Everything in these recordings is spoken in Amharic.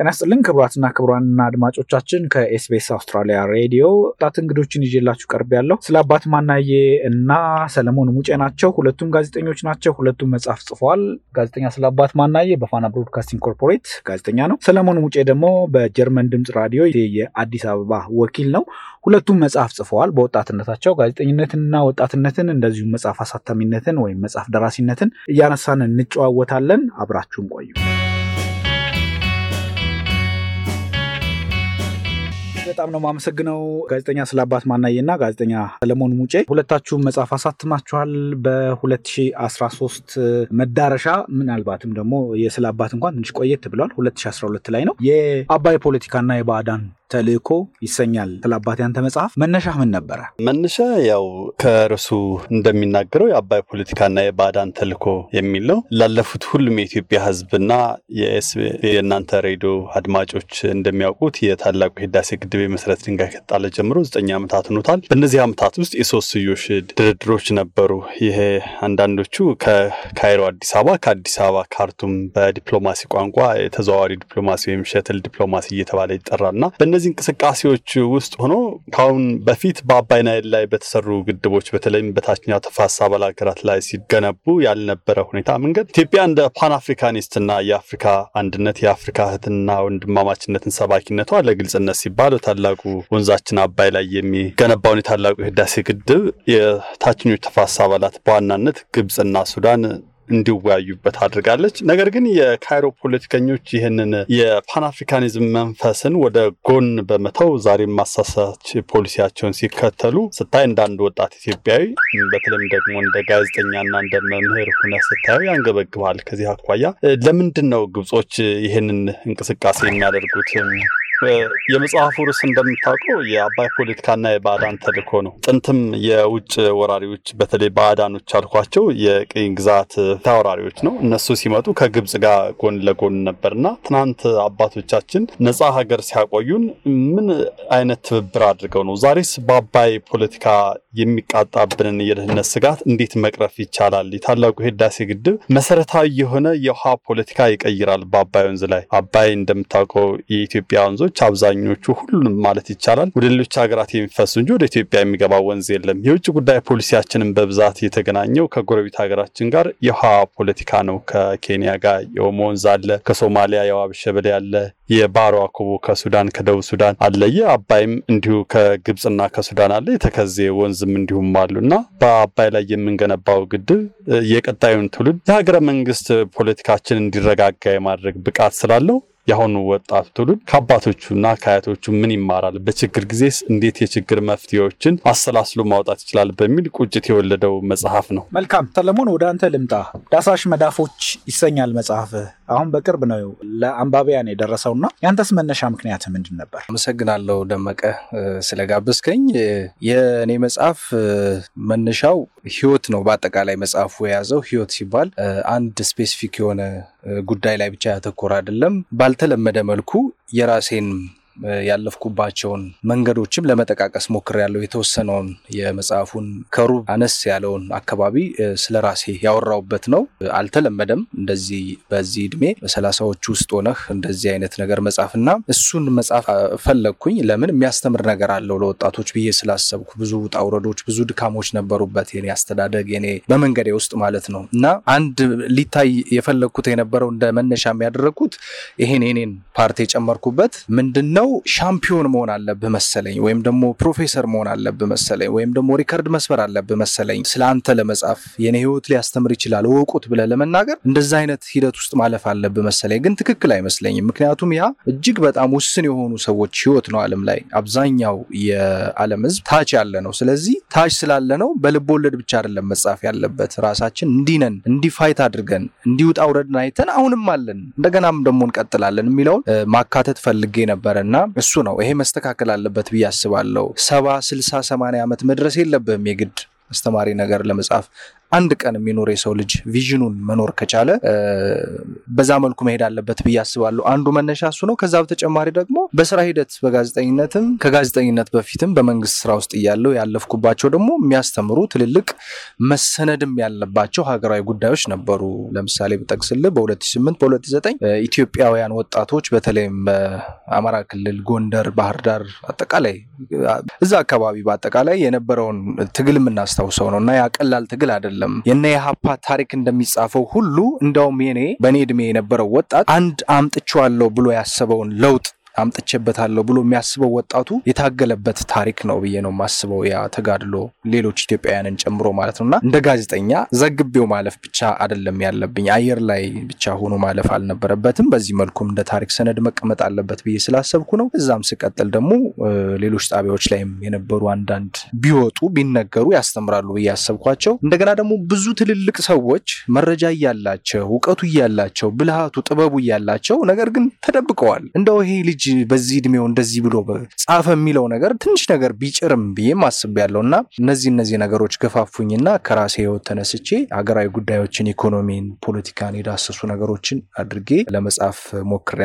ጤና ስጥልን ክቡራትና አድማጮቻችን ከኤስቤስ አውስትራሊያ ሬዲዮ ወጣት እንግዶችን ይዤላችሁ ቀርብ ያለው ስለ አባት ማናዬ እና ሰለሞን ሙጬ ናቸው። ሁለቱም ጋዜጠኞች ናቸው። ሁለቱም መጽሐፍ ጽፈዋል። ጋዜጠኛ ስለ አባት ማናዬ በፋና ብሮድካስቲንግ ኮርፖሬት ጋዜጠኛ ነው። ሰለሞን ሙጬ ደግሞ በጀርመን ድምፅ ራዲዮ የአዲስ አበባ ወኪል ነው። ሁለቱም መጽሐፍ ጽፈዋል። በወጣትነታቸው ጋዜጠኝነትንና ወጣትነትን እንደዚሁም መጽሐፍ አሳታሚነትን ወይም መጽሐፍ ደራሲነትን እያነሳን እንጨዋወታለን። አብራችሁን ቆዩ። በጣም ነው ማመሰግነው ጋዜጠኛ ስለ አባት ማናዬና ጋዜጠኛ ሰለሞን ሙጬ ሁለታችሁም መጽሐፍ አሳትማችኋል። በ2013 መዳረሻ ምናልባትም ደግሞ የስለ አባት እንኳን ትንሽ ቆየት ብሏል፣ 2012 ላይ ነው የአባይ ፖለቲካና የባዕዳን ተልእኮ ይሰኛል። ስለ አባቴ አንተ መጽሐፍ መነሻ ምን ነበረ? መነሻ ያው ከርሱ እንደሚናገረው የአባይ ፖለቲካና የባዕዳን ተልእኮ የሚል ነው። ላለፉት ሁሉም የኢትዮጵያ ህዝብና የእናንተ ሬዲዮ አድማጮች እንደሚያውቁት የታላቁ የህዳሴ ግድብ የመሰረት ድንጋይ ከጣለ ጀምሮ ዘጠኝ ዓመታት ሆኖታል። በእነዚህ ዓመታት ውስጥ የሶስትዮሽ ድርድሮች ነበሩ። ይሄ አንዳንዶቹ ከካይሮ አዲስ አበባ፣ ከአዲስ አበባ ካርቱም፣ በዲፕሎማሲ ቋንቋ የተዘዋዋሪ ዲፕሎማሲ ወይም ሸትል ዲፕሎማሲ እየተባለ ና በእነዚህ እንቅስቃሴዎች ውስጥ ሆኖ ከአሁን በፊት በአባይ ናይል ላይ በተሰሩ ግድቦች በተለይም በታችኛው ተፋሰስ አባል ሀገራት ላይ ሲገነቡ ያልነበረ ሁኔታ መንገድ ኢትዮጵያ እንደ ፓን አፍሪካኒስትና የአፍሪካ አንድነት የአፍሪካ እህትና ወንድማማችነትን ሰባኪነቷ ለግልጽነት ሲባል በታላቁ ወንዛችን አባይ ላይ የሚገነባውን የታላቁ የህዳሴ ግድብ የታችኞች ተፋሰስ አባላት በዋናነት ግብፅና ሱዳን እንዲወያዩበት አድርጋለች። ነገር ግን የካይሮ ፖለቲከኞች ይህንን የፓንአፍሪካኒዝም መንፈስን ወደ ጎን በመተው ዛሬም ማሳሳች ፖሊሲያቸውን ሲከተሉ ስታይ እንዳንድ ወጣት ኢትዮጵያዊ በተለይም ደግሞ እንደ ጋዜጠኛና እንደ መምህር ሁነ ስታዩ ያንገበግባል። ከዚህ አኳያ ለምንድን ነው ግብጾች ይህንን እንቅስቃሴ የሚያደርጉት? የመጽሐፉ ርዕስ እንደምታውቀው የአባይ ፖለቲካና የባዕዳን ተልእኮ ነው። ጥንትም የውጭ ወራሪዎች በተለይ ባዕዳኖች አልኳቸው የቅኝ ግዛት ተወራሪዎች ነው። እነሱ ሲመጡ ከግብጽ ጋር ጎን ለጎን ነበርና ትናንት አባቶቻችን ነፃ ሀገር ሲያቆዩን ምን አይነት ትብብር አድርገው ነው? ዛሬስ በአባይ ፖለቲካ የሚቃጣብንን የደህንነት ስጋት እንዴት መቅረፍ ይቻላል? የታላቁ ህዳሴ ግድብ መሰረታዊ የሆነ የውሃ ፖለቲካ ይቀይራል በአባይ ወንዝ ላይ። አባይ እንደምታውቀው የኢትዮጵያ ወንዞች ወንዞች አብዛኞቹ ሁሉንም ማለት ይቻላል ወደ ሌሎች ሀገራት የሚፈሱ እንጂ ወደ ኢትዮጵያ የሚገባ ወንዝ የለም። የውጭ ጉዳይ ፖሊሲያችንን በብዛት የተገናኘው ከጎረቤት ሀገራችን ጋር የውሃ ፖለቲካ ነው። ከኬንያ ጋር የኦሞ ወንዝ አለ፣ ከሶማሊያ የዋብ ሸበሌ አለ፣ የባሮ አኮቦ ከሱዳን ከደቡብ ሱዳን አለ፣ የአባይም እንዲሁ ከግብፅና ከሱዳን አለ፣ የተከዜ ወንዝም እንዲሁም አሉ እና በአባይ ላይ የምንገነባው ግድብ የቀጣዩን ትውልድ የሀገረ መንግስት ፖለቲካችን እንዲረጋጋ የማድረግ ብቃት ስላለው የአሁኑ ወጣቱ ትውልድ ከአባቶቹና ከአያቶቹ ምን ይማራል፣ በችግር ጊዜስ እንዴት የችግር መፍትሄዎችን አሰላስሎ ማውጣት ይችላል በሚል ቁጭት የወለደው መጽሐፍ ነው። መልካም ሰለሞን፣ ወደ አንተ ልምጣ። ዳሳሽ መዳፎች ይሰኛል መጽሐፍህ አሁን በቅርብ ነው ለአንባቢያን የደረሰውና ያንተስ መነሻ ምክንያት ምንድን ነበር? አመሰግናለሁ ደመቀ ስለጋበዝከኝ። የእኔ መጽሐፍ መነሻው ህይወት ነው። በአጠቃላይ መጽሐፉ የያዘው ህይወት ሲባል አንድ ስፔሲፊክ የሆነ ጉዳይ ላይ ብቻ ያተኮረ አይደለም። ባልተለመደ መልኩ የራሴን ያለፍኩባቸውን መንገዶችም ለመጠቃቀስ ሞክር ያለው የተወሰነውን የመጽሐፉን ከሩብ አነስ ያለውን አካባቢ ስለ ራሴ ያወራውበት ነው። አልተለመደም እንደዚህ በዚህ እድሜ በሰላሳዎች ውስጥ ሆነህ እንደዚህ አይነት ነገር መጻፍና እሱን መጻፍ ፈለግኩኝ። ለምን የሚያስተምር ነገር አለው ለወጣቶች ብዬ ስላሰብኩ። ብዙ ውጣ ውረዶች፣ ብዙ ድካሞች ነበሩበት የኔ አስተዳደግ የኔ በመንገዴ ውስጥ ማለት ነው እና አንድ ሊታይ የፈለግኩት የነበረው እንደ መነሻ የሚያደረግኩት ይሄን የኔን ፓርቲ የጨመርኩበት ምንድን ነው ሰው ሻምፒዮን መሆን አለብህ መሰለኝ፣ ወይም ደግሞ ፕሮፌሰር መሆን አለብህ መሰለኝ፣ ወይም ደግሞ ሪከርድ መስበር አለብህ መሰለኝ፣ ስለ አንተ ለመጻፍ የኔ ህይወት ሊያስተምር ይችላል እወቁት ብለህ ለመናገር እንደዛ አይነት ሂደት ውስጥ ማለፍ አለብህ መሰለኝ። ግን ትክክል አይመስለኝም። ምክንያቱም ያ እጅግ በጣም ውስን የሆኑ ሰዎች ህይወት ነው። ዓለም ላይ አብዛኛው የዓለም ህዝብ ታች ያለ ነው። ስለዚህ ታች ስላለ ነው በልብ ወለድ ብቻ አይደለም መጻፍ ያለበት። ራሳችን እንዲነን እንዲፋይት አድርገን እንዲውጣ ውረድን አይተን አሁንም አለን እንደገናም ደግሞ እንቀጥላለን የሚለውን ማካተት ፈልጌ ነበረ እሱ ነው። ይሄ መስተካከል አለበት ብዬ አስባለሁ። ሰባ ስልሳ ሰማንያ ዓመት መድረስ የለብህም የግድ አስተማሪ ነገር ለመጻፍ አንድ ቀን የሚኖር የሰው ልጅ ቪዥኑን መኖር ከቻለ በዛ መልኩ መሄድ አለበት ብዬ አስባለሁ። አንዱ መነሻ እሱ ነው። ከዛ በተጨማሪ ደግሞ በስራ ሂደት በጋዜጠኝነትም ከጋዜጠኝነት በፊትም በመንግስት ስራ ውስጥ እያለው ያለፍኩባቸው ደግሞ የሚያስተምሩ ትልልቅ መሰነድም ያለባቸው ሀገራዊ ጉዳዮች ነበሩ። ለምሳሌ ብጠቅስልህ በ2008 በ2009 ኢትዮጵያውያን ወጣቶች በተለይም በአማራ ክልል ጎንደር፣ ባህር ዳር አጠቃላይ እዛ አካባቢ በአጠቃላይ የነበረውን ትግል የምናስታውሰው ነው እና ያቀላል ትግል አይደለም አይደለም። የነ የሀፓ ታሪክ እንደሚጻፈው ሁሉ እንደውም የኔ በእኔ ዕድሜ የነበረው ወጣት አንድ አምጥቼዋለሁ ብሎ ያሰበውን ለውጥ አምጥቼበታለሁ ብሎ የሚያስበው ወጣቱ የታገለበት ታሪክ ነው ብዬ ነው የማስበው። ያ ተጋድሎ ሌሎች ኢትዮጵያውያንን ጨምሮ ማለት ነውና እንደ ጋዜጠኛ ዘግቤው ማለፍ ብቻ አይደለም ያለብኝ፣ አየር ላይ ብቻ ሆኖ ማለፍ አልነበረበትም። በዚህ መልኩም እንደ ታሪክ ሰነድ መቀመጥ አለበት ብዬ ስላሰብኩ ነው። እዛም ስቀጥል ደግሞ ሌሎች ጣቢያዎች ላይም የነበሩ አንዳንድ ቢወጡ ቢነገሩ ያስተምራሉ ብዬ ያሰብኳቸው እንደገና ደግሞ ብዙ ትልልቅ ሰዎች መረጃ እያላቸው እውቀቱ እያላቸው ብልሃቱ ጥበቡ እያላቸው ነገር ግን ተደብቀዋል። እንደው ይሄ ልጅ በዚህ እድሜው እንደዚህ ብሎ ጻፈ የሚለው ነገር ትንሽ ነገር ቢጭርም ብዬም ያለው እና እነዚህ እነዚህ ነገሮች ገፋፉኝና ከራሴ ህይወት ተነስቼ ሀገራዊ ጉዳዮችን፣ ኢኮኖሚን፣ ፖለቲካን የዳሰሱ ነገሮችን አድርጌ ለመጻፍ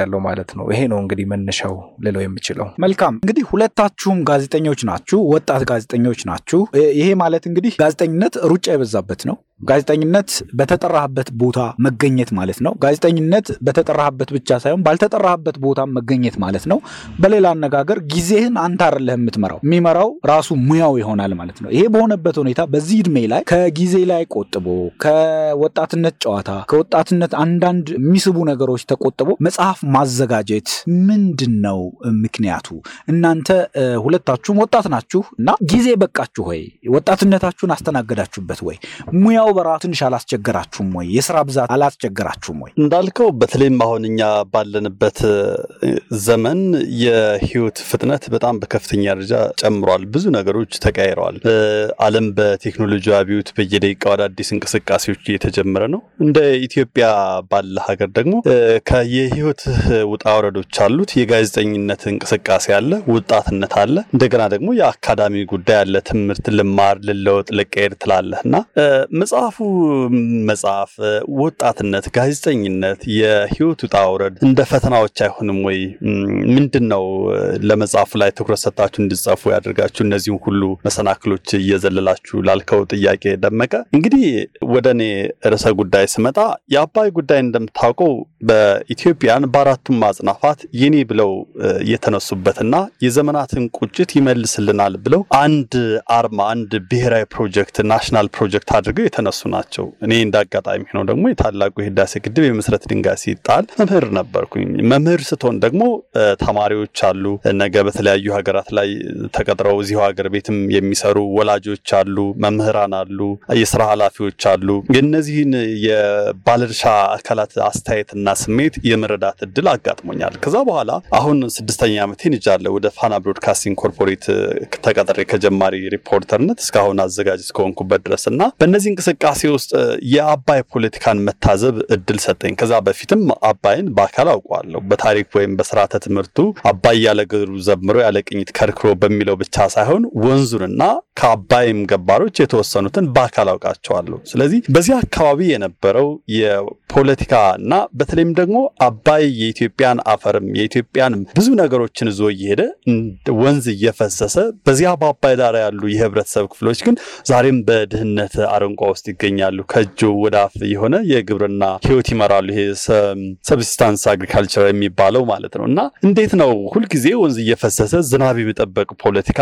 ያለው ማለት ነው። ይሄ ነው እንግዲህ መነሻው ልለው የምችለው። መልካም እንግዲህ ሁለታችሁም ጋዜጠኞች ናችሁ፣ ወጣት ጋዜጠኞች ናችሁ። ይሄ ማለት እንግዲህ ጋዜጠኝነት ሩጫ የበዛበት ነው። ጋዜጠኝነት በተጠራህበት ቦታ መገኘት ማለት ነው። ጋዜጠኝነት በተጠራህበት ብቻ ሳይሆን ባልተጠራህበት ቦታ መገኘት ማለት ማለት ነው። በሌላ አነጋገር ጊዜህን አንተ አይደለህ የምትመራው፣ የሚመራው ራሱ ሙያው ይሆናል ማለት ነው። ይሄ በሆነበት ሁኔታ በዚህ እድሜ ላይ ከጊዜ ላይ ቆጥቦ ከወጣትነት ጨዋታ ከወጣትነት አንዳንድ የሚስቡ ነገሮች ተቆጥቦ መጽሐፍ ማዘጋጀት ምንድን ነው ምክንያቱ? እናንተ ሁለታችሁም ወጣት ናችሁ እና ጊዜ በቃችሁ ወይ? ወጣትነታችሁን አስተናገዳችሁበት ወይ? ሙያው በራ ትንሽ አላስቸገራችሁም ወይ? የስራ ብዛት አላስቸገራችሁም ወይ? እንዳልከው በተለይም አሁን እኛ ባለንበት ዘመን ዘመን የህይወት ፍጥነት በጣም በከፍተኛ ደረጃ ጨምሯል። ብዙ ነገሮች ተቀያይረዋል። ዓለም በቴክኖሎጂ አብዮት በየደቂቃው አዳዲስ እንቅስቃሴዎች እየተጀመረ ነው። እንደ ኢትዮጵያ ባለ ሀገር ደግሞ የህይወት ውጣ ውረዶች አሉት። የጋዜጠኝነት እንቅስቃሴ አለ፣ ወጣትነት አለ፣ እንደገና ደግሞ የአካዳሚ ጉዳይ አለ። ትምህርት ልማር፣ ልለወጥ፣ ልቀሄድ ትላለህ እና መጽሐፉ መጽሐፍ ወጣትነት፣ ጋዜጠኝነት፣ የህይወት ውጣ ውረድ እንደ ፈተናዎች አይሆንም ወይ? ምንድን ነው ለመጽሐፉ ላይ ትኩረት ሰጣችሁ እንድትጽፉ ያደርጋችሁ? እነዚህም ሁሉ መሰናክሎች እየዘለላችሁ ላልከው ጥያቄ ደመቀ፣ እንግዲህ ወደ እኔ ርዕሰ ጉዳይ ስመጣ የአባይ ጉዳይ እንደምታውቀው በኢትዮጵያን በአራቱም ማጽናፋት የኔ ብለው የተነሱበትና የዘመናትን ቁጭት ይመልስልናል ብለው አንድ አርማ አንድ ብሔራዊ ፕሮጀክት ናሽናል ፕሮጀክት አድርገው የተነሱ ናቸው። እኔ እንዳጋጣሚ ሆነው ደግሞ የታላቁ የህዳሴ ግድብ የመሰረት ድንጋይ ሲጣል መምህር ነበርኩኝ። መምህር ስትሆን ደግሞ ተማሪዎች አሉ። ነገ በተለያዩ ሀገራት ላይ ተቀጥረው እዚሁ ሀገር ቤትም የሚሰሩ ወላጆች አሉ፣ መምህራን አሉ፣ የስራ ኃላፊዎች አሉ። የእነዚህን የባለድርሻ አካላት አስተያየትና ስሜት የመረዳት እድል አጋጥሞኛል። ከዛ በኋላ አሁን ስድስተኛ ዓመቴን ይዣለሁ። ወደ ፋና ብሮድካስቲንግ ኮርፖሬት ተቀጥሬ ከጀማሪ ሪፖርተርነት እስካሁን አዘጋጅ እስከሆንኩበት ድረስ እና በእነዚህ እንቅስቃሴ ውስጥ የአባይ ፖለቲካን መታዘብ እድል ሰጠኝ። ከዛ በፊትም አባይን በአካል አውቀዋለሁ። በታሪክ ወይም በስርዓተ ትምህርቱ አባይ ያለ ግሩ ዘምሮ ያለ ቅኝት ከርክሮ በሚለው ብቻ ሳይሆን ወንዙንና ከአባይም ገባሮች የተወሰኑትን በአካል አውቃቸዋለሁ። ስለዚህ በዚህ አካባቢ የነበረው የፖለቲካ እና በተለይም ደግሞ አባይ የኢትዮጵያን አፈርም የኢትዮጵያን ብዙ ነገሮችን ይዞ እየሄደ ወንዝ እየፈሰሰ በዚያ በአባይ ዳር ያሉ የህብረተሰብ ክፍሎች ግን ዛሬም በድህነት አረንቋ ውስጥ ይገኛሉ። ከእጅ ወደ አፍ የሆነ የግብርና ህይወት ይመራሉ። ይሄ ሰብስታንስ አግሪካልቸር የሚባለው ማለት ነው እና እንዴት ነው ሁልጊዜ ወንዝ እየፈሰሰ ዝናብ የሚጠበቅ ፖለቲካ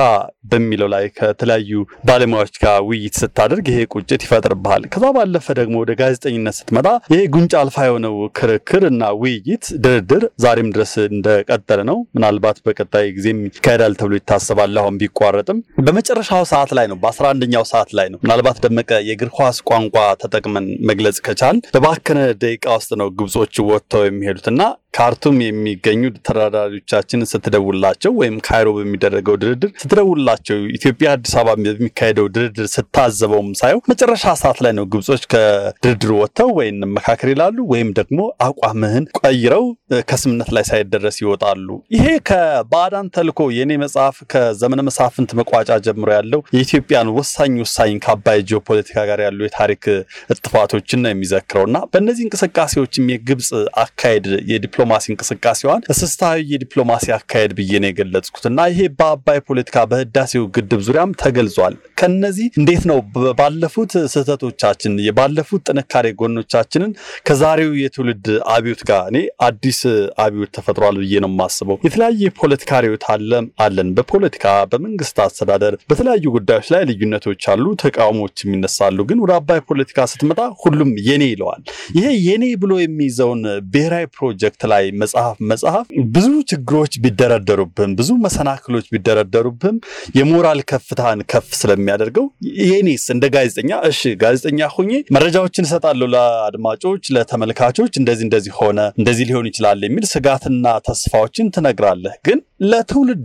በሚለው ላይ ከተለያዩ ባለሙያዎች ጋር ውይይት ስታደርግ ይሄ ቁጭት ይፈጥርብሃል። ከዛ ባለፈ ደግሞ ወደ ጋዜጠኝነት ስትመጣ ይሄ ጉንጭ አልፋ የሆነው ክርክር እና ውይይት፣ ድርድር ዛሬም ድረስ እንደቀጠለ ነው። ምናልባት በቀጣይ ጊዜም ይካሄዳል ተብሎ ይታሰባል። አሁን ቢቋረጥም በመጨረሻው ሰዓት ላይ ነው፣ በአስራ አንደኛው ሰዓት ላይ ነው። ምናልባት ደመቀ የእግር ኳስ ቋንቋ ተጠቅመን መግለጽ ከቻል በባከነ ደቂቃ ውስጥ ነው ግብጾች ወጥተው የሚሄዱት እና ካርቱም የሚገኙ ተደራዳሪዎቻችን ስትደውላቸው ወይም ካይሮ በሚደረገው ድርድር ስትደውላቸው ኢትዮጵያ አዲስ አበባ በሚካሄደው ድርድር ስታዘበውም ሳየው መጨረሻ ሰዓት ላይ ነው ግብጾች ከድርድሩ ወጥተው ወይ እንመካከር ይላሉ ወይም ደግሞ አቋምህን ቀይረው ከስምነት ላይ ሳይደረስ ይወጣሉ። ይሄ ከባዕዳን ተልኮ የእኔ መጽሐፍ ከዘመነ መሳፍንት መቋጫ ጀምሮ ያለው የኢትዮጵያን ወሳኝ ወሳኝ ከአባይ ጂኦፖለቲካ ጋር ያሉ የታሪክ እጥፋቶችን ነው የሚዘክረው እና በእነዚህ እንቅስቃሴዎችም የግብጽ አካሄድ የዲፕሎ የዲፕሎማሲ እንቅስቃሴዋን እስስታዊ የዲፕሎማሲ አካሄድ ብዬ ነው እና ይሄ በአባይ ፖለቲካ በህዳሴው ግድብ ዙሪያም ተገልጿል። ከነዚህ እንዴት ነው ባለፉት ስህተቶቻችን ባለፉት ጥንካሬ ጎኖቻችንን ከዛሬው የትውልድ አብዮት ጋር እኔ አዲስ አብዮት ተፈጥሯል ብዬ ነው የማስበው። የተለያየ የፖለቲካ ርዕዮት አለን። በፖለቲካ በመንግስት አስተዳደር በተለያዩ ጉዳዮች ላይ ልዩነቶች አሉ፣ ተቃውሞች የሚነሳሉ። ግን ወደ አባይ ፖለቲካ ስትመጣ ሁሉም የኔ ይለዋል። ይሄ የኔ ብሎ የሚይዘውን ብሔራዊ ፕሮጀክት ላይ መጽሐፍ መጽሐፍ ብዙ ችግሮች ቢደረደሩብም ብዙ መሰናክሎች ቢደረደሩብም የሞራል ከፍታን ከፍ ስለሚያደርገው ይሄኔስ እንደ ጋዜጠኛ እሺ ጋዜጠኛ ሁኜ መረጃዎችን እሰጣለሁ ለአድማጮች፣ ለተመልካቾች እንደዚህ እንደዚህ ሆነ እንደዚህ ሊሆን ይችላል የሚል ስጋትና ተስፋዎችን ትነግራለህ። ግን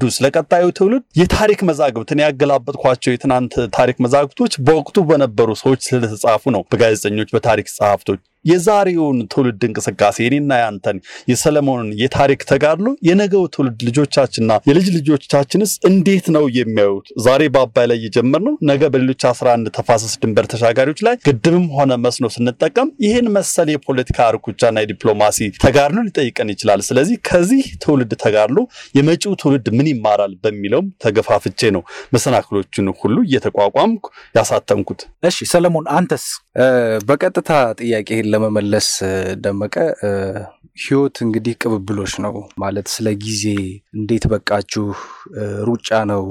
ውስጥ ለቀጣዩ ትውልድ የታሪክ መዛግብትን ያገላበጥኳቸው የትናንት ታሪክ መዛግብቶች በወቅቱ በነበሩ ሰዎች ስለተጻፉ ነው በጋዜጠኞች በታሪክ ጸሐፍቶች የዛሬውን ትውልድ እንቅስቃሴ የኔና ያንተን የሰለሞንን የታሪክ ተጋድሎ የነገው ትውልድ ልጆቻችንና የልጅ ልጆቻችንስ እንዴት ነው የሚያዩት? ዛሬ በአባይ ላይ የጀመርነው ነገ በሌሎች 11 ተፋሰስ ድንበር ተሻጋሪዎች ላይ ግድብም ሆነ መስኖ ስንጠቀም ይህን መሰል የፖለቲካ እርኩቻና የዲፕሎማሲ ተጋድሎ ሊጠይቀን ይችላል። ስለዚህ ከዚህ ትውልድ ተጋድሎ የመጪው ትውልድ ምን ይማራል በሚለውም ተገፋፍቼ ነው መሰናክሎችን ሁሉ እየተቋቋምኩ ያሳተምኩት። እሺ ሰለሞን አንተስ በቀጥታ ጥያቄ ለመመለስ ደመቀ፣ ህይወት እንግዲህ ቅብብሎች ነው ማለት ስለ ጊዜ እንዴት በቃችሁ ሩጫ ነው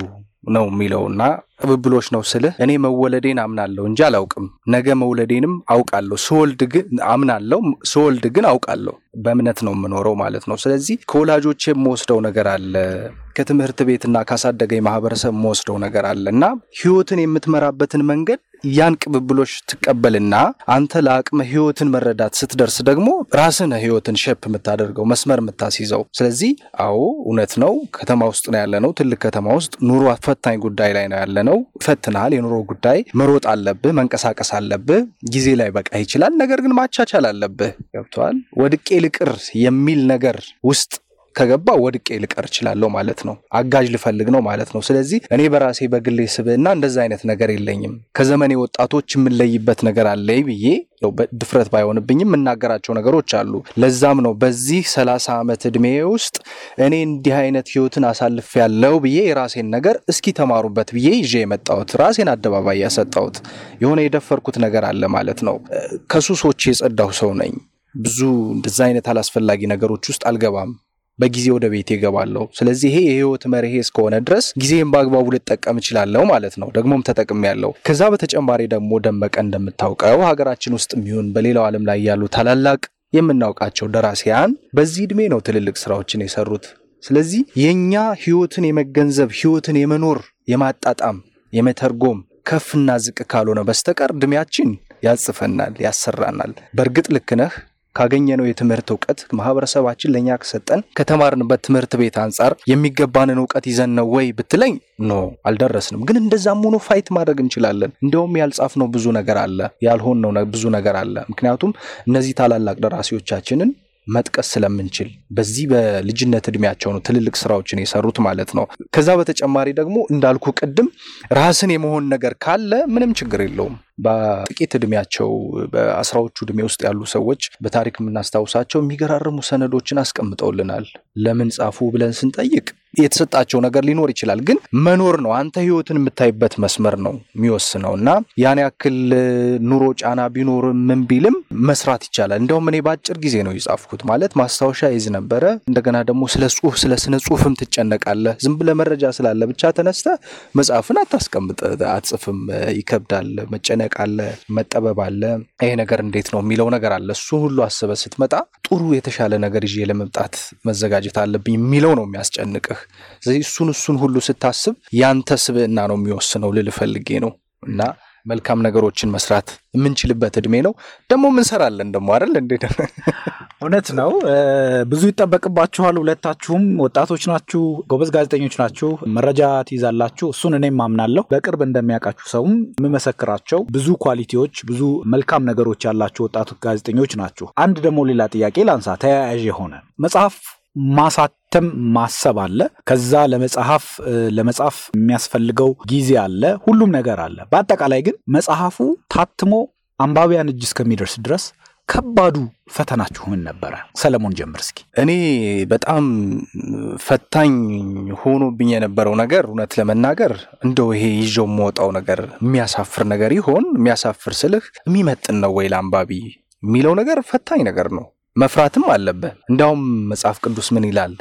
ነው የሚለው እና ቅብብሎች ነው ስልህ እኔ መወለዴን አምናለሁ እንጂ አላውቅም። ነገ መውለዴንም አውቃለሁ። ስወልድ ግን አምናለሁ፣ ስወልድ ግን አውቃለሁ። በእምነት ነው የምኖረው ማለት ነው። ስለዚህ ከወላጆች የምወስደው ነገር አለ፣ ከትምህርት ቤትና ካሳደገኝ ማህበረሰብ የምወስደው ነገር አለ እና ህይወትን የምትመራበትን መንገድ ያን ቅብብሎች ትቀበልና አንተ ለአቅመ ህይወትን መረዳት ስትደርስ ደግሞ ራስን ህይወትን ሸፕ የምታደርገው መስመር የምታስይዘው። ስለዚህ አዎ እውነት ነው። ከተማ ውስጥ ነው ያለነው፣ ትልቅ ከተማ ውስጥ ኑሮ ፈታኝ ጉዳይ ላይ ነው ያለ ነው። ፈትናል የኑሮ ጉዳይ መሮጥ አለብህ፣ መንቀሳቀስ አለብህ። ጊዜ ላይ በቃ ይችላል። ነገር ግን ማቻቻል አለብህ። ገብቷል። ወድቄ ልቅር የሚል ነገር ውስጥ ከገባ ወድቄ ልቀር እችላለሁ ማለት ነው። አጋዥ ልፈልግ ነው ማለት ነው። ስለዚህ እኔ በራሴ በግሌ ስብዕና እንደዛ አይነት ነገር የለኝም። ከዘመኔ ወጣቶች የምንለይበት ነገር አለኝ ብዬ ድፍረት ባይሆንብኝም የምናገራቸው ነገሮች አሉ። ለዛም ነው በዚህ ሰላሳ ዓመት እድሜ ውስጥ እኔ እንዲህ አይነት ህይወትን አሳልፍ ያለው ብዬ የራሴን ነገር እስኪ ተማሩበት ብዬ ይዤ የመጣሁት ራሴን አደባባይ ያሰጣሁት የሆነ የደፈርኩት ነገር አለ ማለት ነው። ከሱሶች የጸዳሁ ሰው ነኝ። ብዙ እንደዛ አይነት አላስፈላጊ ነገሮች ውስጥ አልገባም። በጊዜ ወደ ቤት ይገባለሁ። ስለዚህ ይሄ የህይወት መርሄ እስከሆነ ድረስ ጊዜን በአግባቡ ልጠቀም እችላለሁ ማለት ነው። ደግሞም ተጠቅም ያለው። ከዛ በተጨማሪ ደግሞ ደመቀ እንደምታውቀው ሀገራችን ውስጥ የሚሆን በሌላው ዓለም ላይ ያሉ ታላላቅ የምናውቃቸው ደራሲያን በዚህ እድሜ ነው ትልልቅ ስራዎችን የሰሩት። ስለዚህ የእኛ ህይወትን የመገንዘብ ህይወትን የመኖር የማጣጣም የመተርጎም ከፍና ዝቅ ካልሆነ በስተቀር እድሜያችን ያጽፈናል፣ ያሰራናል። በእርግጥ ልክ ነህ። ካገኘነው የትምህርት እውቀት ማህበረሰባችን ለእኛ ከሰጠን ከተማርንበት ትምህርት ቤት አንጻር የሚገባንን እውቀት ይዘን ነው ወይ ብትለኝ ኖ አልደረስንም። ግን እንደዛም ሆኖ ፋይት ማድረግ እንችላለን። እንደውም ያልጻፍነው ብዙ ነገር አለ፣ ያልሆንነው ብዙ ነገር አለ። ምክንያቱም እነዚህ ታላላቅ ደራሲዎቻችንን መጥቀስ ስለምንችል በዚህ በልጅነት እድሜያቸው ነው ትልልቅ ስራዎችን የሰሩት ማለት ነው። ከዛ በተጨማሪ ደግሞ እንዳልኩ ቅድም ራስን የመሆን ነገር ካለ ምንም ችግር የለውም። በጥቂት እድሜያቸው በአስራዎቹ እድሜ ውስጥ ያሉ ሰዎች በታሪክ የምናስታውሳቸው የሚገራርሙ ሰነዶችን አስቀምጠውልናል። ለምን ጻፉ ብለን ስንጠይቅ የተሰጣቸው ነገር ሊኖር ይችላል። ግን መኖር ነው አንተ ህይወትን የምታይበት መስመር ነው የሚወስነው እና ያን ያክል ኑሮ ጫና ቢኖርም ምን ቢልም መስራት ይቻላል። እንደውም እኔ በአጭር ጊዜ ነው የጻፍኩት ማለት ማስታወሻ ይዝ ነበረ። እንደገና ደግሞ ስለ ጽሁፍ ስለ ስነ ጽሁፍም ትጨነቃለህ። ዝም ብለህ መረጃ ስላለ ብቻ ተነስተ መጽሐፍን አታስቀምጥ አትጽፍም። ይከብዳል። መጨነቅ አለ፣ መጠበብ አለ። ይሄ ነገር እንዴት ነው የሚለው ነገር አለ። እሱ ሁሉ አስበህ ስትመጣ ጥሩ የተሻለ ነገር ይዤ ለመምጣት መዘጋጀት አለብኝ የሚለው ነው የሚያስጨንቅህ ስለዚህ እሱን እሱን ሁሉ ስታስብ ያንተ ስብዕና ነው የሚወስነው ልል ፈልጌ ነው እና መልካም ነገሮችን መስራት የምንችልበት እድሜ ነው። ደግሞ ምንሰራለን ደግሞ አይደል እንዴ? እውነት ነው። ብዙ ይጠበቅባችኋል። ሁለታችሁም ወጣቶች ናችሁ፣ ጎበዝ ጋዜጠኞች ናችሁ፣ መረጃ ትይዛላችሁ። እሱን እኔም ማምናለሁ። በቅርብ እንደሚያውቃችሁ ሰውም የምመሰክራቸው ብዙ ኳሊቲዎች፣ ብዙ መልካም ነገሮች ያላችሁ ወጣቶች ጋዜጠኞች ናችሁ። አንድ ደግሞ ሌላ ጥያቄ ላንሳ፣ ተያያዥ የሆነ መጽሐፍ ማሳት ለማሳተም ማሰብ አለ። ከዛ ለመጽሐፍ ለመጻፍ የሚያስፈልገው ጊዜ አለ። ሁሉም ነገር አለ። በአጠቃላይ ግን መጽሐፉ ታትሞ አንባቢያን እጅ እስከሚደርስ ድረስ ከባዱ ፈተናችሁ ምን ነበረ? ሰለሞን ጀምር እስኪ። እኔ በጣም ፈታኝ ሆኖብኝ የነበረው ነገር እውነት ለመናገር እንደው ይሄ ይዤው የምወጣው ነገር የሚያሳፍር ነገር ይሆን? የሚያሳፍር ስልህ የሚመጥን ነው ወይ ለአንባቢ የሚለው ነገር ፈታኝ ነገር ነው። መፍራትም አለብህ። እንዳውም መጽሐፍ ቅዱስ ምን ይላል?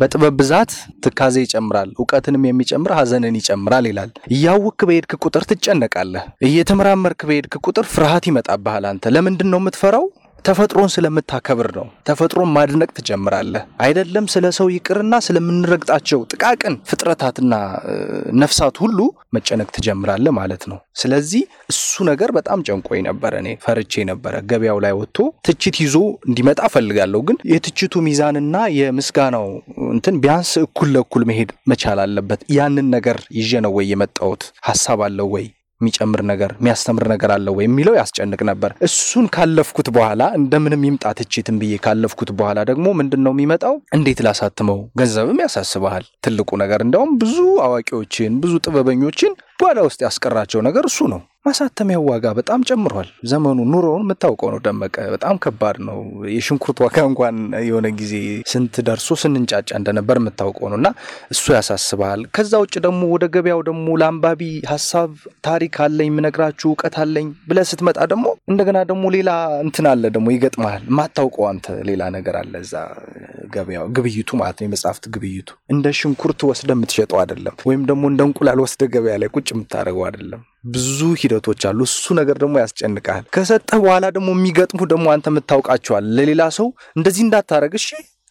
በጥበብ ብዛት ትካዜ ይጨምራል፣ እውቀትንም የሚጨምር ሐዘንን ይጨምራል ይላል። እያወክ በሄድክ ቁጥር ትጨነቃለህ። እየተመራመርክ በሄድክ ቁጥር ፍርሃት ይመጣብሃል። አንተ ለምንድን ነው የምትፈራው? ተፈጥሮን ስለምታከብር ነው። ተፈጥሮን ማድነቅ ትጀምራለህ። አይደለም ስለ ሰው ይቅርና ስለምንረግጣቸው ጥቃቅን ፍጥረታትና ነፍሳት ሁሉ መጨነቅ ትጀምራለህ ማለት ነው። ስለዚህ እሱ ነገር በጣም ጨንቆኝ ነበረ። እኔ ፈርቼ ነበረ። ገበያው ላይ ወጥቶ ትችት ይዞ እንዲመጣ ፈልጋለሁ፣ ግን የትችቱ ሚዛንና የምስጋናው እንትን ቢያንስ እኩል ለእኩል መሄድ መቻል አለበት። ያንን ነገር ይዤ ነው ወይ የመጣሁት? ሀሳብ አለው ወይ የሚጨምር ነገር የሚያስተምር ነገር አለው ወይ የሚለው ያስጨንቅ ነበር። እሱን ካለፍኩት በኋላ እንደምንም ይምጣ ትችትም ብዬ ካለፍኩት በኋላ ደግሞ ምንድን ነው የሚመጣው? እንዴት ላሳትመው? ገንዘብም ያሳስበሃል። ትልቁ ነገር እንደውም ብዙ አዋቂዎችን ብዙ ጥበበኞችን ጓዳ ውስጥ ያስቀራቸው ነገር እሱ ነው። ማሳተሚያው ዋጋ በጣም ጨምሯል። ዘመኑ ኑሮውን የምታውቀው ነው ደመቀ፣ በጣም ከባድ ነው። የሽንኩርት ዋጋ እንኳን የሆነ ጊዜ ስንት ደርሶ ስንንጫጫ እንደነበር የምታውቀው ነው እና እሱ ያሳስባል። ከዛ ውጭ ደግሞ ወደ ገበያው ደግሞ ለአንባቢ ሀሳብ፣ ታሪክ አለኝ የምነግራችሁ እውቀት አለኝ ብለ ስትመጣ ደግሞ እንደገና ደግሞ ሌላ እንትን አለ ደግሞ ይገጥማል። የማታውቀው አንተ ሌላ ነገር አለ እዛ ገበያው ግብይቱ ማለት ነው የመጽሐፍት ግብይቱ እንደ ሽንኩርት ወስደ የምትሸጠው አይደለም፣ ወይም ደግሞ እንደ እንቁላል ወስደ ገበያ ላይ ቁጭ የምታደርገው አይደለም። ብዙ ሂደቶች አሉ። እሱ ነገር ደግሞ ያስጨንቃል። ከሰጠህ በኋላ ደግሞ የሚገጥሙ ደግሞ አንተ የምታውቃቸዋል። ለሌላ ሰው እንደዚህ እንዳታደረግ እሺ፣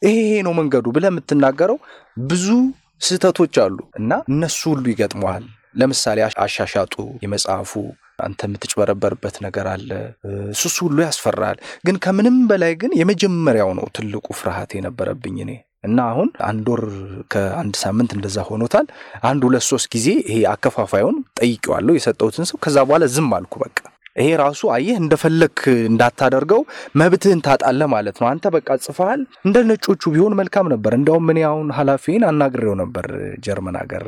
ይሄ ነው መንገዱ ብለ የምትናገረው ብዙ ስህተቶች አሉ እና እነሱ ሁሉ ይገጥመዋል። ለምሳሌ አሻሻጡ የመጽሐፉ አንተ የምትጭበረበርበት ነገር አለ። እሱስ ሁሉ ያስፈራል። ግን ከምንም በላይ ግን የመጀመሪያው ነው ትልቁ ፍርሃት የነበረብኝ እኔ እና አሁን አንድ ወር ከአንድ ሳምንት እንደዛ ሆኖታል። አንድ ሁለት ሶስት ጊዜ ይሄ አከፋፋዩን ጠይቀዋለሁ የሰጠውትን ሰው። ከዛ በኋላ ዝም አልኩ በቃ ይሄ ራሱ አየህ እንደፈለክ እንዳታደርገው መብትህን ታጣለ ማለት ነው። አንተ በቃ ጽፈሃል። እንደ ነጮቹ ቢሆን መልካም ነበር። እንደውም እኔ አሁን ኃላፊን አናግሬው ነበር። ጀርመን ሀገር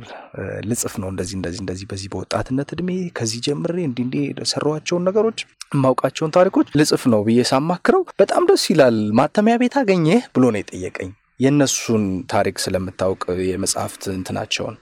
ልጽፍ ነው እንደዚህ እንደዚህ እንደዚህ በዚህ በወጣትነት እድሜ ከዚህ ጀምሬ እንዲህ እንዲህ የሰራኋቸውን ነገሮች የማውቃቸውን ታሪኮች ልጽፍ ነው ብዬ ሳማክረው በጣም ደስ ይላል ማተሚያ ቤት አገኘህ ብሎ ነው የጠየቀኝ የእነሱን ታሪክ ስለምታውቅ የመጽሐፍት እንትናቸውን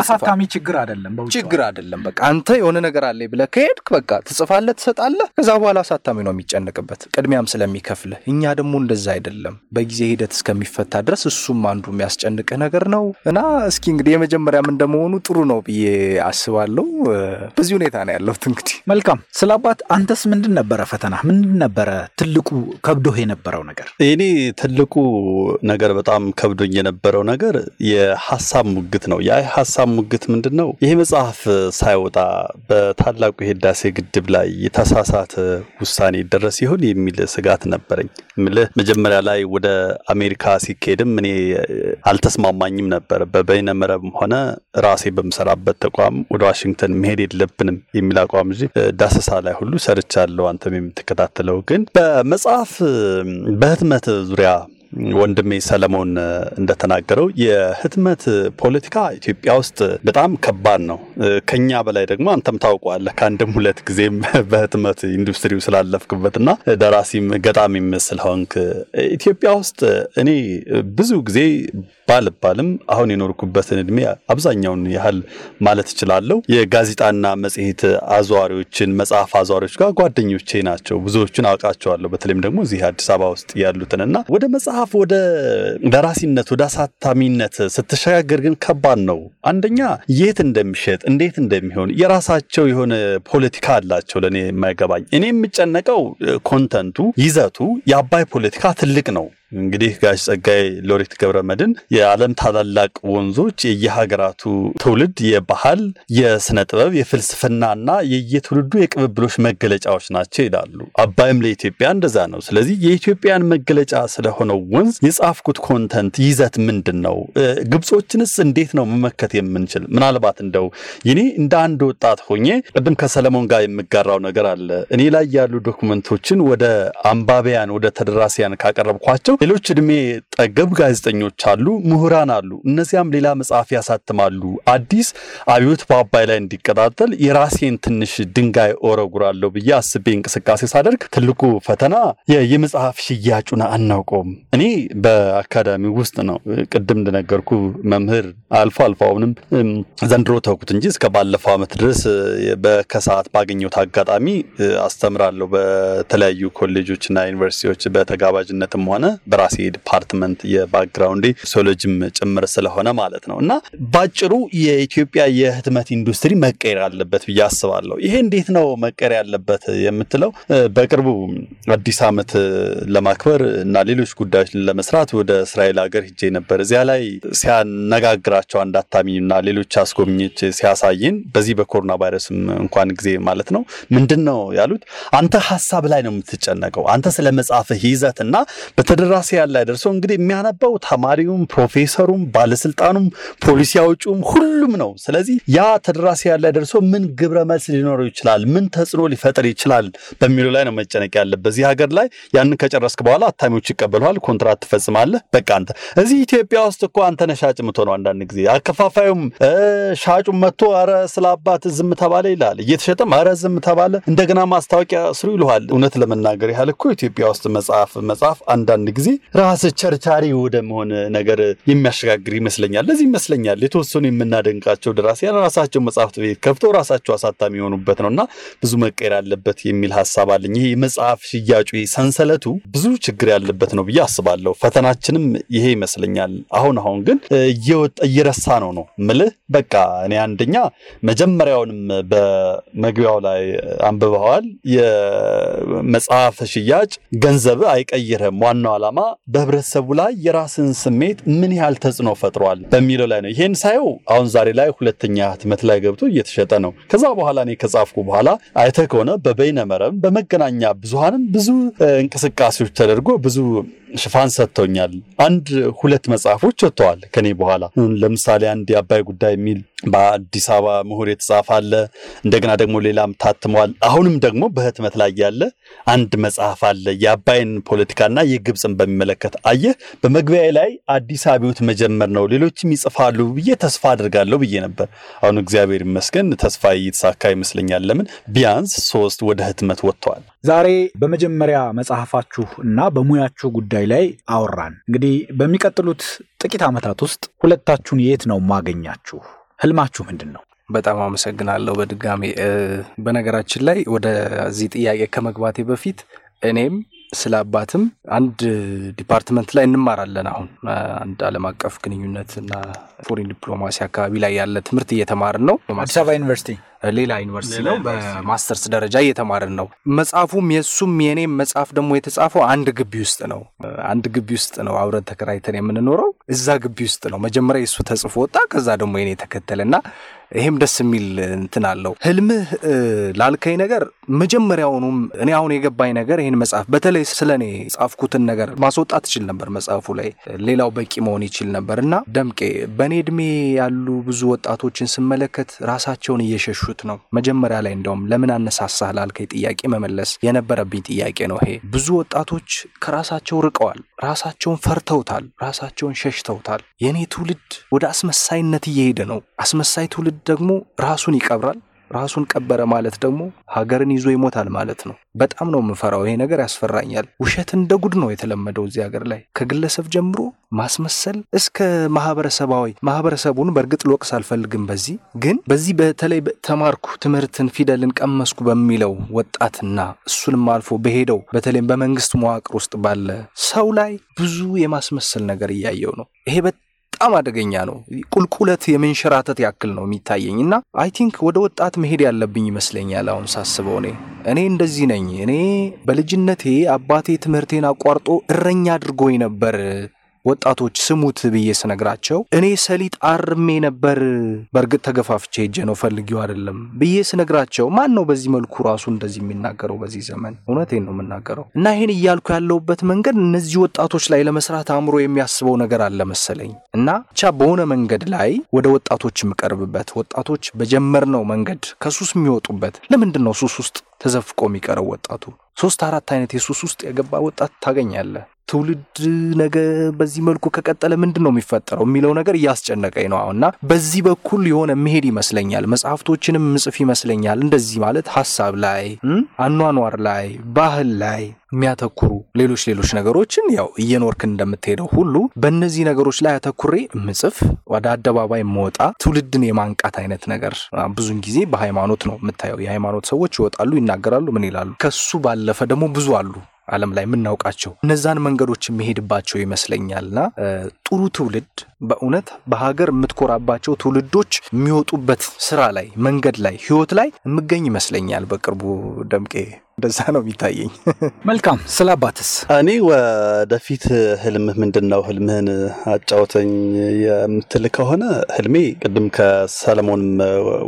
አሳታሚ ችግር አይደለም፣ ችግር አይደለም። በቃ አንተ የሆነ ነገር አለ ብለህ ከሄድክ በቃ ትጽፋለህ፣ ትሰጣለህ። ከዛ በኋላ አሳታሚ ነው የሚጨንቅበት ቅድሚያም ስለሚከፍልህ። እኛ ደግሞ እንደዛ አይደለም። በጊዜ ሂደት እስከሚፈታ ድረስ እሱም አንዱ የሚያስጨንቅህ ነገር ነው እና እስኪ እንግዲህ የመጀመሪያም እንደመሆኑ ጥሩ ነው ብዬ አስባለሁ። በዚህ ሁኔታ ነው ያለሁት። እንግዲህ መልካም። ስለ አባት አንተስ ምንድን ነበረ ፈተና? ምንድን ነበረ ትልቁ ከብዶህ የነበረው ነገር? እኔ ትልቁ ነገር በጣም ከብዶኝ የነበረው ነገር የሀሳብ ሙግት ነው። ያ ሀሳብ ሙግት ምንድን ነው? ይህ መጽሐፍ ሳይወጣ በታላቁ የህዳሴ ግድብ ላይ የተሳሳተ ውሳኔ ይደረስ ይሆን የሚል ስጋት ነበረኝ። ምልህ መጀመሪያ ላይ ወደ አሜሪካ ሲካሄድም እኔ አልተስማማኝም ነበር። በበይነ መረብም ሆነ ራሴ በምሰራበት ተቋም ወደ ዋሽንግተን መሄድ የለብንም የሚል አቋም እ ዳሰሳ ላይ ሁሉ ሰርቻለሁ። አንተም የምትከታተለው ግን በመጽሐፍ በህትመት ዙሪያ ወንድሜ ሰለሞን እንደተናገረው የህትመት ፖለቲካ ኢትዮጵያ ውስጥ በጣም ከባድ ነው። ከኛ በላይ ደግሞ አንተም ታውቀዋለህ። ከአንድም ሁለት ጊዜም በህትመት ኢንዱስትሪው ስላለፍክበትና ደራሲም ገጣሚም ስለሆንክ ኢትዮጵያ ውስጥ እኔ ብዙ ጊዜ ባልባልም አሁን የኖርኩበትን እድሜ አብዛኛውን ያህል ማለት እችላለሁ የጋዜጣና መጽሔት አዘዋሪዎችን መጽሐፍ አዘዋሪዎች ጋር ጓደኞቼ ናቸው። ብዙዎቹን አውቃቸዋለሁ። በተለይም ደግሞ እዚህ አዲስ አበባ ውስጥ ያሉትን እና ወደ መጽሐፍ መጽሐፍ ወደ ደራሲነት ወደ አሳታሚነት ስትሸጋገር ግን ከባድ ነው። አንደኛ የት እንደሚሸጥ እንዴት እንደሚሆን የራሳቸው የሆነ ፖለቲካ አላቸው። ለእኔ የማይገባኝ እኔ የምጨነቀው ኮንተንቱ፣ ይዘቱ የአባይ ፖለቲካ ትልቅ ነው። እንግዲህ ጋሽ ጸጋይ ሎሬት ገብረመድን የዓለም ታላላቅ ወንዞች የየሀገራቱ ትውልድ የባህል፣ የስነ ጥበብ፣ የፍልስፍናና የየትውልዱ የቅብብሎች መገለጫዎች ናቸው ይላሉ። አባይም ለኢትዮጵያ እንደዛ ነው። ስለዚህ የኢትዮጵያን መገለጫ ስለሆነው ወንዝ የጻፍኩት ኮንተንት ይዘት ምንድን ነው? ግብጾችንስ እንዴት ነው መመከት የምንችል? ምናልባት እንደው ይኔ እንደ አንድ ወጣት ሆኜ ቅድም ከሰለሞን ጋር የምጋራው ነገር አለ። እኔ ላይ ያሉ ዶክመንቶችን ወደ አንባቢያን ወደ ተደራሲያን ካቀረብኳቸው ሌሎች እድሜ ጠገብ ጋዜጠኞች አሉ፣ ምሁራን አሉ። እነዚያም ሌላ መጽሐፍ ያሳትማሉ። አዲስ አብዮት በአባይ ላይ እንዲቀጣጠል የራሴን ትንሽ ድንጋይ ኦረጉራለሁ ብዬ አስቤ እንቅስቃሴ ሳደርግ ትልቁ ፈተና የመጽሐፍ ሽያጩን አናውቀውም። እኔ በአካዳሚ ውስጥ ነው ቅድም እንደነገርኩ መምህር አልፎ አልፎ አሁንም ዘንድሮ ተውኩት እንጂ እስከ ባለፈው ዓመት ድረስ ከሰዓት ባገኘሁት አጋጣሚ አስተምራለሁ በተለያዩ ኮሌጆችና ዩኒቨርሲቲዎች በተጋባዥነትም ሆነ በራሴ ዲፓርትመንት የባክግራውንዴ ሶሎጂም ጭምር ስለሆነ ማለት ነው እና ባጭሩ የኢትዮጵያ የህትመት ኢንዱስትሪ መቀየር አለበት ብዬ አስባለሁ። ይሄ እንዴት ነው መቀየር ያለበት የምትለው በቅርቡ አዲስ ዓመት ለማክበር እና ሌሎች ጉዳዮችን ለመስራት ወደ እስራኤል ሀገር ሄጄ ነበር። እዚያ ላይ ሲያነጋግራቸው አንድ አታሚ እና ሌሎች አስጎብኚች ሲያሳይን በዚህ በኮሮና ቫይረስም እንኳን ጊዜ ማለት ነው ምንድን ነው ያሉት አንተ ሀሳብ ላይ ነው የምትጨነቀው አንተ ስለ መጽሐፍህ ይዘት እና በተደራ ራሴ ያለ አይደርሰው እንግዲህ የሚያነባው ተማሪውም፣ ፕሮፌሰሩም፣ ባለስልጣኑም፣ ፖሊሲ አውጪውም ሁሉም ነው። ስለዚህ ያ ተደራሲ ያለ አይደርሰው ምን ግብረ መልስ ሊኖረው ይችላል፣ ምን ተጽዕኖ ሊፈጥር ይችላል በሚሉ ላይ ነው መጨነቅ ያለበት። በዚህ ሀገር ላይ ያንን ከጨረስክ በኋላ አታሚዎች ይቀበሉሃል፣ ኮንትራት ትፈጽማለህ፣ በቃ አንተ። እዚህ ኢትዮጵያ ውስጥ እኮ አንተ ነህ ሻጭ የምትሆነው። አንዳንድ ጊዜ አከፋፋዩም ሻጩም መጥቶ አረ ስለ አባት ዝም ተባለ ይላል፣ እየተሸጠም አረ ዝም ተባለ፣ እንደገና ማስታወቂያ ስሩ ይልሃል። እውነት ለመናገር ያህል እኮ ኢትዮጵያ ውስጥ መጽሐፍ መጽሐፍ አንዳንድ ጊዜ ጊዜ ራስ ቸርቻሪ ወደ መሆን ነገር የሚያሸጋግር ይመስለኛል። ለዚህ ይመስለኛል የተወሰኑ የምናደንቃቸው ደራሲያን ራሳቸው መጽሐፍት ቤት ከፍተው ራሳቸው አሳታሚ የሆኑበት ነውና ብዙ መቀየር አለበት የሚል ሀሳብ አለኝ። ይሄ የመጽሐፍ ሽያጩ ሰንሰለቱ ብዙ ችግር ያለበት ነው ብዬ አስባለሁ። ፈተናችንም ይሄ ይመስለኛል። አሁን አሁን ግን እየረሳ ነው ነው ምልህ በቃ እኔ አንደኛ መጀመሪያውንም በመግቢያው ላይ አንብበዋል። የመጽሐፍ ሽያጭ ገንዘብ አይቀይርም ዋናው ዓላማ ድራማ በህብረተሰቡ ላይ የራስን ስሜት ምን ያህል ተጽዕኖ ፈጥሯል በሚለው ላይ ነው። ይሄን ሳየው አሁን ዛሬ ላይ ሁለተኛ ህትመት ላይ ገብቶ እየተሸጠ ነው። ከዛ በኋላ እኔ ከጻፍኩ በኋላ አይተህ ከሆነ በበይነመረብ በመገናኛ ብዙሃንም ብዙ እንቅስቃሴዎች ተደርጎ ብዙ ሽፋን ሰጥቶኛል። አንድ ሁለት መጽሐፎች ወጥተዋል ከኔ በኋላ። ለምሳሌ አንድ የአባይ ጉዳይ የሚል በአዲስ አበባ ምሁር የተጻፈ አለ። እንደገና ደግሞ ሌላም ታትመዋል። አሁንም ደግሞ በህትመት ላይ ያለ አንድ መጽሐፍ አለ የአባይን ፖለቲካና የግብፅን በሚመለከት። አየህ በመግቢያ ላይ አዲስ አብዮት መጀመር ነው ሌሎችም ይጽፋሉ ብዬ ተስፋ አድርጋለሁ ብዬ ነበር። አሁን እግዚአብሔር ይመስገን ተስፋ እየተሳካ ይመስለኛል። ለምን ቢያንስ ሶስት ወደ ህትመት ወጥተዋል። ዛሬ በመጀመሪያ መጽሐፋችሁ እና በሙያችሁ ጉዳይ ላይ አወራን። እንግዲህ በሚቀጥሉት ጥቂት ዓመታት ውስጥ ሁለታችሁን የት ነው ማገኛችሁ? ህልማችሁ ምንድን ነው? በጣም አመሰግናለሁ በድጋሚ። በነገራችን ላይ ወደዚህ ጥያቄ ከመግባቴ በፊት እኔም ስለ አባትም አንድ ዲፓርትመንት ላይ እንማራለን። አሁን አንድ ዓለም አቀፍ ግንኙነትና ፎሪን ዲፕሎማሲ አካባቢ ላይ ያለ ትምህርት እየተማርን ነው። አዲስ አበባ ዩኒቨርሲቲ ሌላ ዩኒቨርሲቲ ነው። በማስተርስ ደረጃ እየተማርን ነው። መጽሐፉም የእሱም የኔም መጽሐፍ ደግሞ የተጻፈው አንድ ግቢ ውስጥ ነው። አንድ ግቢ ውስጥ ነው አብረን ተከራይተን የምንኖረው እዛ ግቢ ውስጥ ነው። መጀመሪያ የእሱ ተጽፎ ወጣ፣ ከዛ ደግሞ የኔ ተከተለና ይሄም ደስ የሚል እንትን አለው። ህልምህ ላልከኝ ነገር መጀመሪያውኑም እኔ አሁን የገባኝ ነገር ይህን መጽሐፍ በተለይ ስለ እኔ ጻፍኩትን ነገር ማስወጣት ይችል ነበር መጽሐፉ ላይ ሌላው በቂ መሆን ይችል ነበር እና ደምቄ፣ በእኔ እድሜ ያሉ ብዙ ወጣቶችን ስመለከት ራሳቸውን እየሸሹ እያነሹት ነው። መጀመሪያ ላይ እንደውም ለምን አነሳሳህ ላልከኝ ጥያቄ መመለስ የነበረብኝ ጥያቄ ነው ይሄ። ብዙ ወጣቶች ከራሳቸው ርቀዋል፣ ራሳቸውን ፈርተውታል፣ ራሳቸውን ሸሽተውታል። የእኔ ትውልድ ወደ አስመሳይነት እየሄደ ነው። አስመሳይ ትውልድ ደግሞ ራሱን ይቀብራል፣ ራሱን ቀበረ ማለት ደግሞ ሀገርን ይዞ ይሞታል ማለት ነው። በጣም ነው የምፈራው። ይሄ ነገር ያስፈራኛል። ውሸት እንደ ጉድ ነው የተለመደው እዚህ ሀገር ላይ ከግለሰብ ጀምሮ ማስመሰል እስከ ማህበረሰባዊ ማህበረሰቡን በእርግጥ ልወቅስ አልፈልግም። በዚህ ግን በዚህ በተለይ ተማርኩ ትምህርትን ፊደልን ቀመስኩ በሚለው ወጣትና እሱንም አልፎ በሄደው በተለይም በመንግስት መዋቅር ውስጥ ባለ ሰው ላይ ብዙ የማስመሰል ነገር እያየው ነው ይሄ በጣም አደገኛ ነው። ቁልቁለት የመንሸራተት ያክል ነው የሚታየኝ እና አይ ቲንክ ወደ ወጣት መሄድ ያለብኝ ይመስለኛል አሁን ሳስበው እኔ እኔ እንደዚህ ነኝ። እኔ በልጅነቴ አባቴ ትምህርቴን አቋርጦ እረኛ አድርጎኝ ነበር ወጣቶች ስሙት ብዬ ስነግራቸው እኔ ሰሊጥ አርሜ ነበር፣ በእርግጥ ተገፋፍቼ ሄጄ ነው ፈልጊው አይደለም ብዬ ስነግራቸው ማን ነው በዚህ መልኩ ራሱ እንደዚህ የሚናገረው በዚህ ዘመን? እውነቴን ነው የምናገረው። እና ይሄን እያልኩ ያለሁበት መንገድ እነዚህ ወጣቶች ላይ ለመስራት አእምሮ የሚያስበው ነገር አለ መሰለኝ እና ብቻ በሆነ መንገድ ላይ ወደ ወጣቶች የምቀርብበት ወጣቶች በጀመርነው መንገድ ከሱስ የሚወጡበት ለምንድን ነው ሱስ ውስጥ ተዘፍቆ የሚቀረው ወጣቱ ሶስት አራት አይነት የሱስ ውስጥ የገባ ወጣት ታገኛለህ። ትውልድ ነገ በዚህ መልኩ ከቀጠለ ምንድን ነው የሚፈጠረው የሚለው ነገር እያስጨነቀኝ ነው እና በዚህ በኩል የሆነ መሄድ ይመስለኛል። መጽሐፍቶችንም ምጽፍ ይመስለኛል እንደዚህ ማለት ሀሳብ ላይ አኗኗር ላይ ባህል ላይ የሚያተኩሩ ሌሎች ሌሎች ነገሮችን ያው እየኖርክን እንደምትሄደው ሁሉ በእነዚህ ነገሮች ላይ አተኩሬ ምጽፍ ወደ አደባባይ መወጣ ትውልድን የማንቃት አይነት ነገር ብዙን ጊዜ በሃይማኖት ነው የምታየው። የሃይማኖት ሰዎች ይወጣሉ፣ ይናገራሉ፣ ምን ይላሉ። ከሱ ባለፈ ደግሞ ብዙ አሉ ዓለም ላይ የምናውቃቸው እነዛን መንገዶች የሚሄድባቸው ይመስለኛልና ጥሩ ትውልድ በእውነት በሀገር የምትኮራባቸው ትውልዶች የሚወጡበት ስራ ላይ መንገድ ላይ ህይወት ላይ የምገኝ ይመስለኛል። በቅርቡ ደምቄ እንደዛ ነው የሚታየኝ። መልካም። ስለ አባትስ እኔ ወደፊት ህልምህ ምንድን ነው? ህልምህን አጫውተኝ የምትል ከሆነ ህልሜ ቅድም ከሰለሞን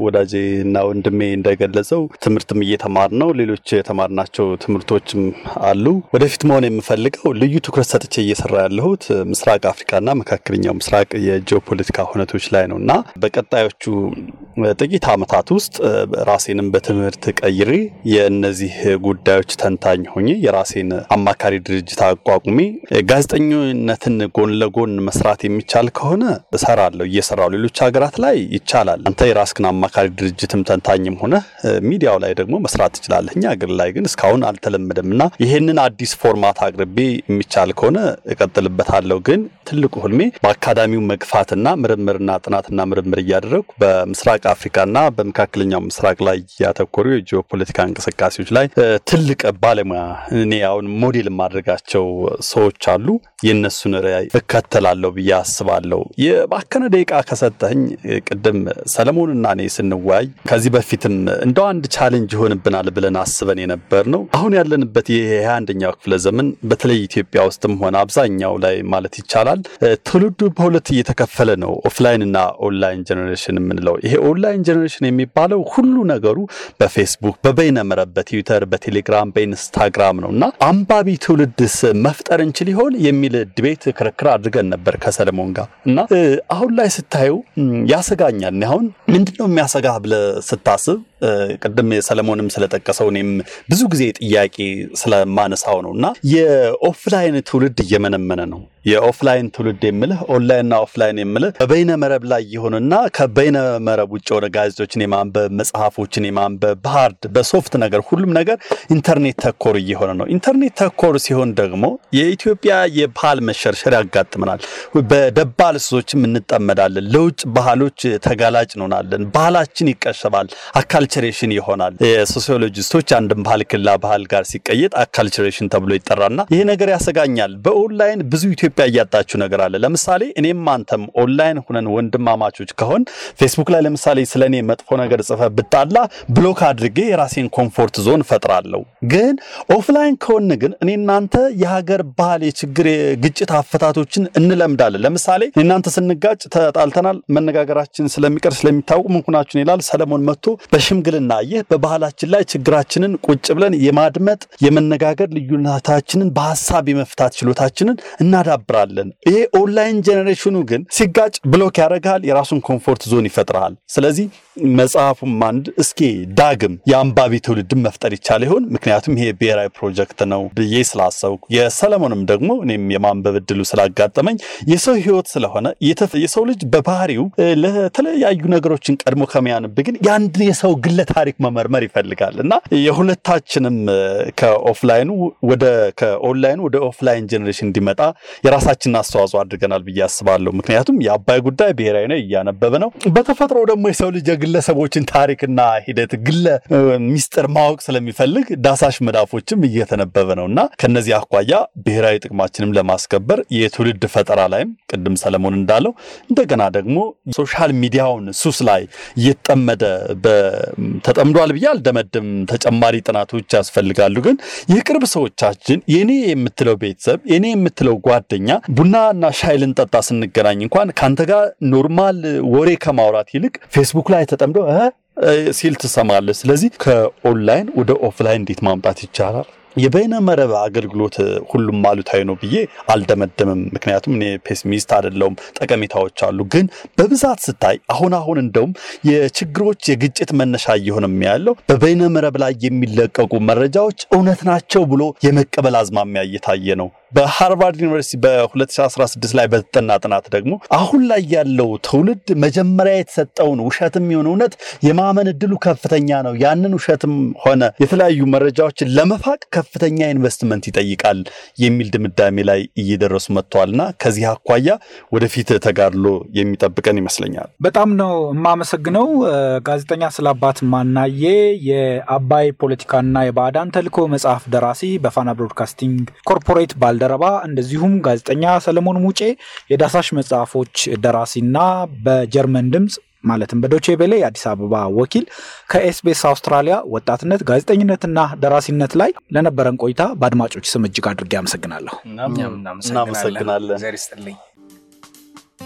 ወዳጄ እና ወንድሜ እንደገለጸው ትምህርትም እየተማር ነው፣ ሌሎች የተማርናቸው ትምህርቶችም አሉ። ወደፊት መሆን የምፈልገው ልዩ ትኩረት ሰጥቼ እየሰራ ያለሁት ምስራቅ አፍሪካና መካከለኛው ምስራቅ የጂኦፖለቲካ ሁነቶች ላይ ነው እና በቀጣዮቹ ጥቂት ዓመታት ውስጥ ራሴንም በትምህርት ቀይሬ የእነዚህ ጉዳዮች ተንታኝ ሆኜ የራሴን አማካሪ ድርጅት አቋቁሜ ጋዜጠኝነትን ጎን ለጎን መስራት የሚቻል ከሆነ እሰራለሁ። እየሰራው ሌሎች ሀገራት ላይ ይቻላል። አንተ የራስክን አማካሪ ድርጅትም ተንታኝም ሆነ ሚዲያው ላይ ደግሞ መስራት ትችላለህ። እኛ አገር ላይ ግን እስካሁን አልተለመደም እና ይህንን አዲስ ፎርማት አቅርቤ የሚቻል ከሆነ እቀጥልበታለሁ ግን ትልቁ ህልሜ በአካዳሚው መግፋትና ምርምርና ጥናትና ምርምር እያደረጉ በምስራቅ አፍሪካና በመካከለኛው ምስራቅ ላይ ያተኮሩ የጂኦፖለቲካ እንቅስቃሴዎች ላይ ትልቅ ባለሙያ እኔ አሁን ሞዴል ማድረጋቸው ሰዎች አሉ። የእነሱን ራዕይ እከተላለሁ ብዬ አስባለሁ። የባከነ ደቂቃ ከሰጠኝ ቅድም ሰለሞንና እኔ ስንወያይ ከዚህ በፊትም እንደው አንድ ቻሌንጅ ይሆንብናል ብለን አስበን የነበር ነው። አሁን ያለንበት የሃያ አንደኛው ክፍለ ዘመን በተለይ ኢትዮጵያ ውስጥም ሆነ አብዛኛው ላይ ማለት ይቻላል ይመስለኛል። ትውልዱ በሁለት እየተከፈለ ነው፣ ኦፍላይን እና ኦንላይን ጀኔሬሽን የምንለው። ይሄ ኦንላይን ጀኔሬሽን የሚባለው ሁሉ ነገሩ በፌስቡክ፣ በበይነመረብ፣ በትዊተር፣ በቴሌግራም፣ በኢንስታግራም ነው እና አንባቢ ትውልድስ መፍጠር እንችል ይሆን የሚል ድቤት ክርክር አድርገን ነበር ከሰለሞን ጋር እና አሁን ላይ ስታዩ ያሰጋኛል። አሁን ምንድነው የሚያሰጋ ብለ ስታስብ ቅድም ሰለሞንም ስለጠቀሰው እኔም ብዙ ጊዜ ጥያቄ ስለማነሳው ነው እና የኦፍላይን ትውልድ እየመነመነ ነው። የኦፍላይን ትውልድ የምልህ ኦንላይንና ኦፍላይን የምልህ በበይነ መረብ ላይ ይሁንና ከበይነ መረብ ውጭ የሆነ ጋዜጦችን የማንበብ መጽሐፎችን የማንበብ በሃርድ በሶፍት ነገር ሁሉም ነገር ኢንተርኔት ተኮር እየሆነ ነው። ኢንተርኔት ተኮር ሲሆን ደግሞ የኢትዮጵያ የባህል መሸርሸር ያጋጥመናል። በደባል ሱሶችም እንጠመዳለን። ለውጭ ባህሎች ተጋላጭ እንሆናለን። ባህላችን ይቀሸባል። አካል አካልቸሬሽን ይሆናል። የሶሲዮሎጂስቶች አንድን ባህል ክላ ባህል ጋር ሲቀየጥ አካልቸሬሽን ተብሎ ይጠራና ይህ ነገር ያሰጋኛል። በኦንላይን ብዙ ኢትዮጵያ እያጣችው ነገር አለ። ለምሳሌ እኔም አንተም ኦንላይን ሁነን ወንድማማቾች ከሆን ፌስቡክ ላይ ለምሳሌ ስለ እኔ መጥፎ ነገር ጽፈ ብጣላ ብሎክ አድርጌ የራሴን ኮምፎርት ዞን ፈጥራለሁ። ግን ኦፍላይን ከሆን ግን እኔ እናንተ የሀገር ባህል የችግር የግጭት አፈታቶችን እንለምዳለን። ለምሳሌ እናንተ ስንጋጭ ተጣልተናል፣ መነጋገራችን ስለሚቀር ስለሚታወቅ ምንኩናችን ይላል ሰለሞን መጥቶ በሽም ሽምግልና ይህ በባህላችን ላይ ችግራችንን ቁጭ ብለን የማድመጥ የመነጋገር ልዩነታችንን በሀሳብ የመፍታት ችሎታችንን እናዳብራለን። ይሄ ኦንላይን ጀኔሬሽኑ ግን ሲጋጭ ብሎክ ያደርግሃል፣ የራሱን ኮምፎርት ዞን ይፈጥረሃል። ስለዚህ መጽሐፉም አንድ እስኪ ዳግም የአንባቢ ትውልድን መፍጠር ይቻል ይሆን? ምክንያቱም ይሄ ብሔራዊ ፕሮጀክት ነው ብዬ ስላሰብኩ የሰለሞንም ደግሞ እኔም የማንበብ እድሉ ስላጋጠመኝ የሰው ህይወት ስለሆነ የሰው ልጅ በባህሪው ለተለያዩ ነገሮችን ቀድሞ ከሚያነብ ግን የአንድ የሰው ግለ ታሪክ መመርመር ይፈልጋል እና የሁለታችንም ከኦፍላይኑ ወደ ከኦንላይኑ ወደ ኦፍላይን ጀኔሬሽን እንዲመጣ የራሳችንን አስተዋጽኦ አድርገናል ብዬ አስባለሁ። ምክንያቱም የአባይ ጉዳይ ብሔራዊ ነው፣ እያነበበ ነው። በተፈጥሮ ደግሞ የሰው ልጅ የግለሰቦችን ታሪክና ሂደት ግለ ሚስጥር ማወቅ ስለሚፈልግ ዳሳሽ መዳፎችም እየተነበበ ነው እና ከነዚህ አኳያ ብሔራዊ ጥቅማችንም ለማስከበር የትውልድ ፈጠራ ላይም ቅድም ሰለሞን እንዳለው እንደገና ደግሞ ሶሻል ሚዲያውን ሱስ ላይ እየተጠመደ ተጠምዷል ብዬ አልደመድም። ተጨማሪ ጥናቶች ያስፈልጋሉ። ግን የቅርብ ሰዎቻችን የኔ የምትለው ቤተሰብ የኔ የምትለው ጓደኛ ቡናና ሻይ ልንጠጣ ስንገናኝ እንኳን ከአንተ ጋር ኖርማል ወሬ ከማውራት ይልቅ ፌስቡክ ላይ ተጠምዶ ሲል ትሰማለህ። ስለዚህ ከኦንላይን ወደ ኦፍላይን እንዴት ማምጣት ይቻላል? የበይነ መረብ አገልግሎት ሁሉም አሉታዊ ነው ብዬ አልደመደምም። ምክንያቱም እኔ ፔሲሚስት አይደለውም ጠቀሜታዎች አሉ። ግን በብዛት ስታይ አሁን አሁን እንደውም የችግሮች የግጭት መነሻ እየሆነም ያለው በበይነ መረብ ላይ የሚለቀቁ መረጃዎች እውነት ናቸው ብሎ የመቀበል አዝማሚያ እየታየ ነው። በሃርቫርድ ዩኒቨርሲቲ በ2016 ላይ በተጠና ጥናት ደግሞ አሁን ላይ ያለው ትውልድ መጀመሪያ የተሰጠውን ውሸትም የሆነ እውነት የማመን እድሉ ከፍተኛ ነው። ያንን ውሸትም ሆነ የተለያዩ መረጃዎችን ለመፋቅ ከፍተኛ ኢንቨስትመንት ይጠይቃል የሚል ድምዳሜ ላይ እየደረሱ መጥተዋልና ከዚህ አኳያ ወደፊት ተጋድሎ የሚጠብቀን ይመስለኛል። በጣም ነው የማመሰግነው ጋዜጠኛ ስለ አባት ማናዬ የአባይ ፖለቲካና የባዕዳን ተልዕኮ መጽሐፍ ደራሲ በፋና ብሮድካስቲንግ ኮርፖሬት ባል ባልደረባ እንደዚሁም ጋዜጠኛ ሰለሞን ሙጬ የዳሳሽ መጽሐፎች ደራሲና በጀርመን ድምፅ ማለትም በዶቼ ቤሌ የአዲስ አበባ ወኪል ከኤስቤስ አውስትራሊያ ወጣትነት ጋዜጠኝነትና ደራሲነት ላይ ለነበረን ቆይታ በአድማጮች ስም እጅግ አድርጌ አመሰግናለሁ። እናመሰግናለን።